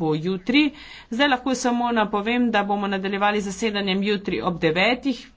bo jutri. Zdaj lahko samo napovem, da bomo nadaljevali zasedanjem jutri ob devetih.